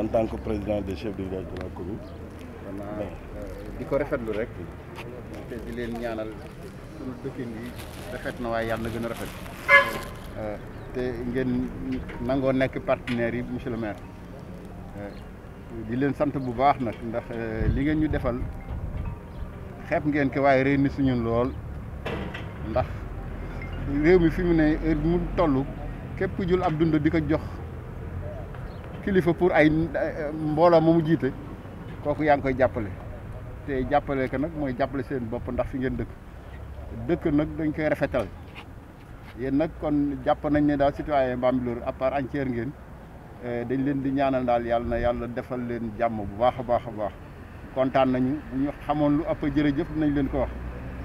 en tant que président des chefs de village de la commune. xanaa euh, di ko rafetlu rek te di leen ñaanal sunu dëkkin yi rafet na waaye yàlla na gën a rafet euh, te ngeen nangoo nekk partenaires yi monsieur le maire euh, di leen sant bu baax nag ndax li ngeen ñu defal xeeb ngeen ki waaye réew mi suñu lool ndax réew mi fi mu ne heure mu tollu képp jul ab dund di ko jox kilifa pour ay eh, mbooloo mu jiite kooku yaa ngi koy jàppale te jàppale ko nag mooy jàppale seen bopp ndax fi ngeen dëkk dëkk nag dañ koy rafetal yéen nag kon jàpp nañ ne daal citoyen Bambilor à part entière ngeen eh, dañ leen di ñaanal daal yàlla na yàlla defal leen jàmm bu baax a baax a baax kontaan nañu bu ñu xamoon lu ëpp jërëjëf nañ leen ko wax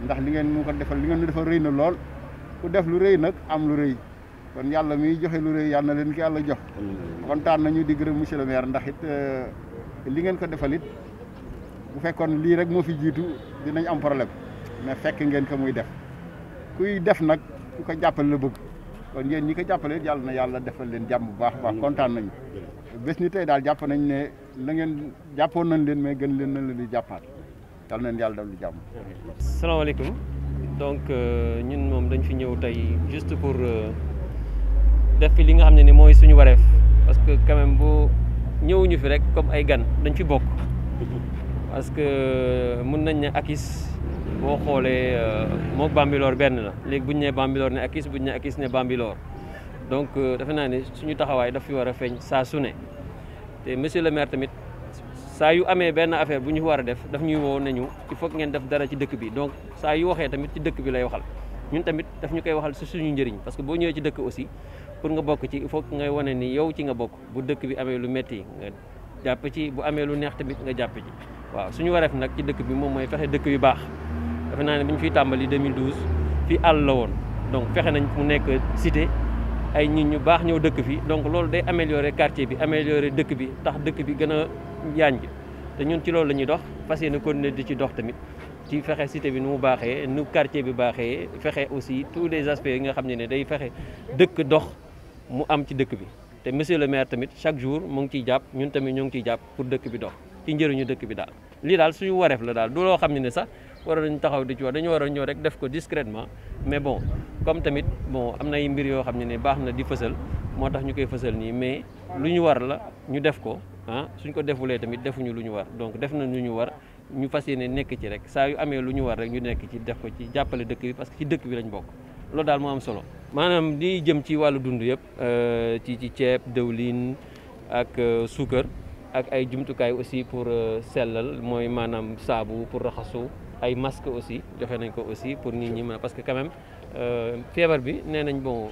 ndax li ngeen mu ko defal li ngeen nu defal rëy na lool ku def lu rëy nag am lu rëy kon yàlla miy joxe lu rëy yàlla na leen ko yàlla jox kontaan nañu di gërëm monsieur le maire ndax it euh, li ngeen ko defal it bu fekkoon lii rek moo fi jiitu dinañ am problème mais fekk ngeen ko muy def kuy def nag ku ko jàppale la bëgg kon yéen ñi ko jàppale yàlla na yàlla defal leen jàmm bu baax baax kontaan nañu bés ni tey daal jàpp nañ ne la ngeen jàppoon nañ leen mais gën leen nañ leen di jàppaat yàlla nañ yàlla def lu jàmm salaamaaleykum donc euh, ñun moom dañ fi ñëw tey def fi li nga xam ni moy suñu waref parce que quand même bu ñëwuñu fi rek comme ay gan dañ ci bok parce que euh, mën nañ ne akis boo xoolee euh, mo bambilor ben la léegi buñ ne bambiloor ne akis buñ ne akis ne bambiloor donc dafa na ni suñu taxaway daf fi wara feñ sa suné té te monsieur le maire tamit sa yu amé ben affaire bu ñu def daf ñuy wo nañu il faut ngeen def dara ci dëkk bi donc sa yu waxé tamit ci dëkk bi lay waxal ñun tamit daf ñukay waxal si suñu njëriñ parce que bo ñëw ci dëkk aussi pour nga bokk ci il faut ngay wane ni yow ci nga bokk bu dëkk bi amee lu metti nga jàpp ci bu amee lu neex tamit nga jàpp ci waaw suñu wareef nag ci dëkk bi moom mooy fexe dëkk bi baax defe naa ne bi ñu fiy tàmbali 2012 fii àll la woon donc fexe nañ mu nekk cité ay nit ñu baax ñëw dëkk fi donc loolu day améliorer quartier bi améliorer dëkk bi tax dëkk bi gën a yaañ bi te ñun ci loolu la ñuy dox fas yéene continuer di ci dox tamit ci fexe cité bi nu mu baaxee nu quartier bi baaxee fexe aussi tous les aspects yi nga xam ne ne day fexe dëkk dox mu am ci dëkk bi te monsieur le maire tamit chaque jour mu ngi ciy jàpp ñun tamit ñu ngi ciy jàpp pour dëkk bi dox ci njëriñu dëkk bi daal lii daal suñu wareef la daal du xam ne ne sax waroon taxaw di ci wax dañu war a ñëw rek def ko discrètement mais bon comme tamit bon am na ay mbir yoo xam ne ne baax na di fësal moo tax ñu koy fësal nii mais lu ñu war la ñu def ko ah suñ ko defulee tamit defuñu lu ñu war def na lu ñu war ñu fas yéene nekk ci rek saa yu amee lu ñu war rek ñu nekk ci def ko ci jàppale dëkk bi parce que ci dëkk bi lañ bokk Lo dal mo am solo manam di jëm ci dundu yeb euh ci ci ciep dewlin ak euh, sucre ak ay kay aussi pour euh, sellal moy manam sabu pour raxasu ay masque aussi joxe nañ ko aussi pour nit ñi ma parce que quand même euh, fièvre bi nenen nañ bon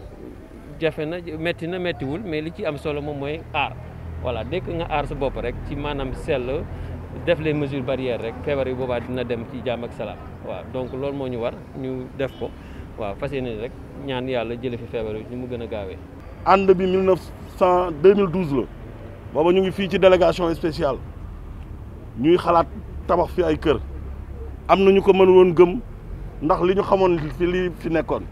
jafe na metti na wul mais li ci am solo mom moy aar voilà dès que nga aar sa bop rek ci nam sel, def les mesures barrières rek fièvre yi boba dina dem ci jàmm ak salam waaw donc lool mo ñu war ñu def ko waaw fas yéene rek ñaan yàlla jële fi feebar bi ñu mu gën a gaawee. ànd bi 1900 2012 la booba ñu ngi fii ci délégation spéciale ñuy xalaat tabax fi ay kër am na ñu ko mën woon gëm ndax li ñu xamoon fi li fi nekkoon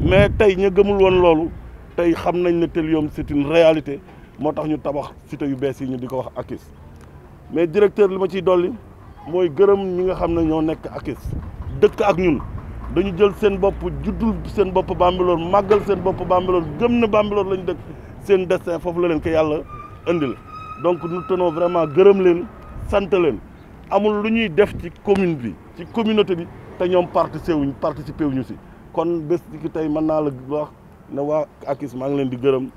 mais tey ñu gëmul woon loolu tey xam nañ ne Télium c'est une réalité moo tax ñu tabax cité yu bees yi ñu di ko wax ACIS mais directeur li ma ciy dolli mooy gërëm ñi nga xam ne ñoo nekk ACIS dëkk ak ñun. dañu jël seen bop juddul seen bop Bambilor magal seen bop Bambilor gëm na Bambilor lañ dëkk seen destin fofu la leen ko yalla indil donc nous tenons vraiment gërëm leen sant leen amul lu ñuy def ci commune bi ci communauté bi té ñom participer wuñ participer wuñu ci kon bés ki tay man na la wax na wa akis ma ngi leen di gërëm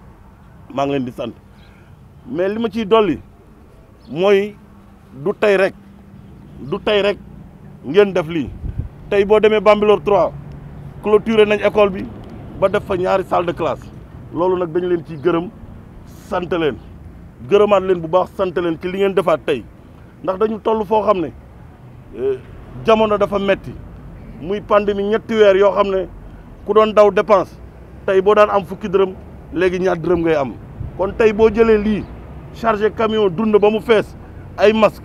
ma ngi leen di sante mais lima ci ciy dolli mooy du tay rek du tay rek ngeen def li tey boo demee Bambilor 3 clôturé nañ école bi ba def fa ñaari salle de classe loolu nag dañu leen ciy gërëm sant leen gërëmaat leen bu baax sant leen ci li ngeen defaat tey ndax dañu toll foo xam ne eh, jamono dafa metti muy pandémie ñetti weer yoo xam ne ku doon daw dépense tey boo daan am fukki dërëm léegi ñaar dërëm ngay am kon tey boo jëlee lii chargé camion dund ba mu fees ay masque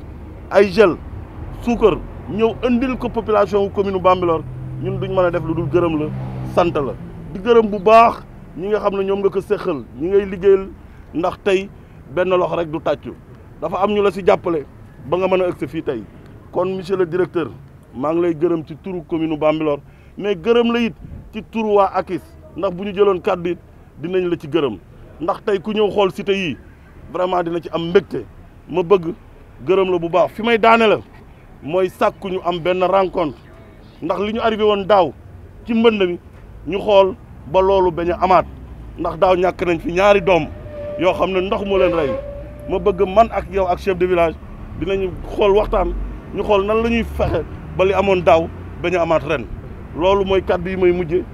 ay gel suukar ñëw indil ko population wu commune Bambilor ñun duñ mën a def lu dul gërëm la sant la di gërëm bu baax ñi nga xam ne ñoom nga ko séqal ñi ngay liggéeyal ndax tey benn loxo rek du tàccu dafa am ñu la si jàppale ba nga mën a ëgsi fii tey kon monsieur le directeur maa ngi lay gërëm ci turu commune Bambilor mais gërëm la it ci turu waa AKIS ndax bu ñu jëloon kàddu it dinañ la ci gërëm ndax tey ku ñëw xool cité yii vraiment dina ci am mbégte ma bëgg gërëm la bu baax fi may daane moy sakku ñu am rangkon, rencontre ndax li ñu arrivé won daw ci mbënd mi ñu xol ba lolu bañ amaat ndax daw ñak nañ fi ñaari dom yo xamne ndox mo leen ray ma bëgg man ak yow ak chef de village dinañu xol waxtaan ñu xol nan lañuy fexé ba li amon daw amaat ren lolu moy kaddu yi may mujjé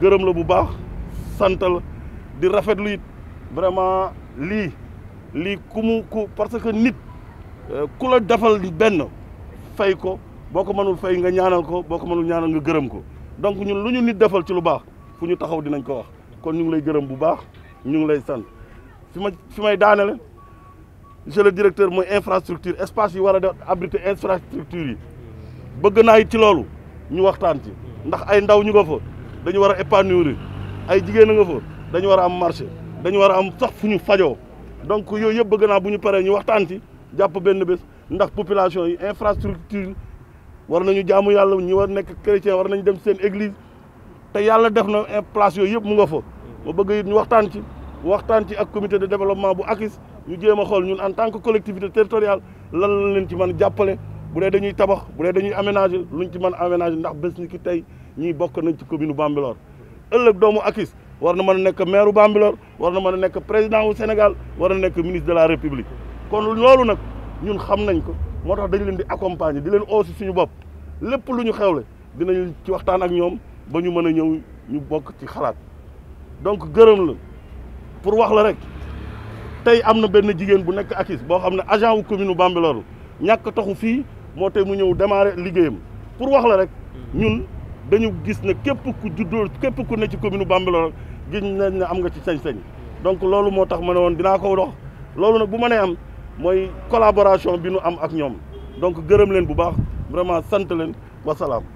gëreem la bu baax sant la di rafetlu it vraiment li li ku ku parce que nit eh, kula dafal defal fay ko boko manul fay nga ñaanal ko boko manul ñaanal nga gëreem ko donc ñun luñu nit defal ci lu baax fu ñu taxaw dinañ ko wax kon ñu ngi lay gëreem bu baax ñu ngi lay sant fima le directeur moy infrastructure espace yi war de def abrité infrastructure yi bëgg tanti, it ci loolu ñu waxtaan ci ndax ay ndaw ñu nga fa dañu wara épanouir ay jigéen nga fa dañu wara am marché dañu wara am sax fu ñu donc yoy yeb bëgg na buñu paré ñu waxtaan ci japp benn ndax population yi infrastructure war ñu jaamu yàlla ñu war nekk chrétien war nañu dem seen église te yàlla def na place yooyu yëpp mu nga fa ma bëgg it ñu waxtaan ci waxtaan ci ak comité de développement bu ACIS ñu jéem a xool ñun en tant que collectivité territoriale lan lañ leen ci mën jàppale bu dee dañuy tabax bu dee dañuy lu ñu ci mën aménager ndax bes ni ki tey ñii bokk nañ ci commune Bambilor ëllëg doomu akis war na mën a nekk maire war na mën a nekk président wu Sénégal war nekk ministre de la République loolu nag ñun xam nañ ko moo tax dañu leen di accompagner di leen oo si suñu bopp lépp lu ñu xewle dinañ ci waxtaan ak ñoom ba ñu mën a ñëw ñu bokk ci xalaat donc gërëm la pour wax la rek tey am na benn jigéen bu nekk akis boo xam ne agent wu commune Bambilor la ñàkk taxu fii moo tey mu ñëw démarrer liggéeyam pour wax la rek ñun dañu gis ne képp ku juddoo képp ku ne ci commune Bambilor gis nañ ne am nga ci sañ-sañ donc loolu moo tax ma ne ko dox loolu nag bu ma am moy collaboration bi nous am ak ñom donc gërëm leen bu baax vraiment sant leen